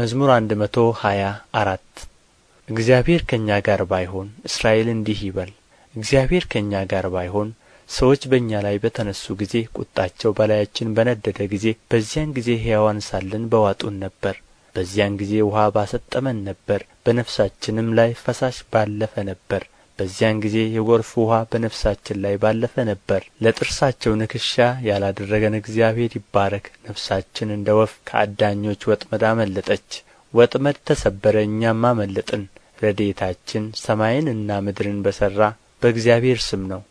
መዝሙር አንድ መቶ ሃያ አራት እግዚአብሔር ከእኛ ጋር ባይሆን እስራኤል እንዲህ ይበል። እግዚአብሔር ከእኛ ጋር ባይሆን ሰዎች በእኛ ላይ በተነሱ ጊዜ፣ ቁጣቸው በላያችን በነደደ ጊዜ፣ በዚያን ጊዜ ሕያዋን ሳለን በዋጡን ነበር። በዚያን ጊዜ ውኃ ባሰጠመን ነበር፣ በነፍሳችንም ላይ ፈሳሽ ባለፈ ነበር። በዚያን ጊዜ የጎርፍ ውኃ በነፍሳችን ላይ ባለፈ ነበር ለጥርሳቸው ንክሻ ያላደረገን እግዚአብሔር ይባረክ ነፍሳችን እንደ ወፍ ከአዳኞች ወጥመድ አመለጠች ወጥመድ ተሰበረ እኛም አመለጥን ረድኤታችን ሰማይንና ምድርን በሠራ በእግዚአብሔር ስም ነው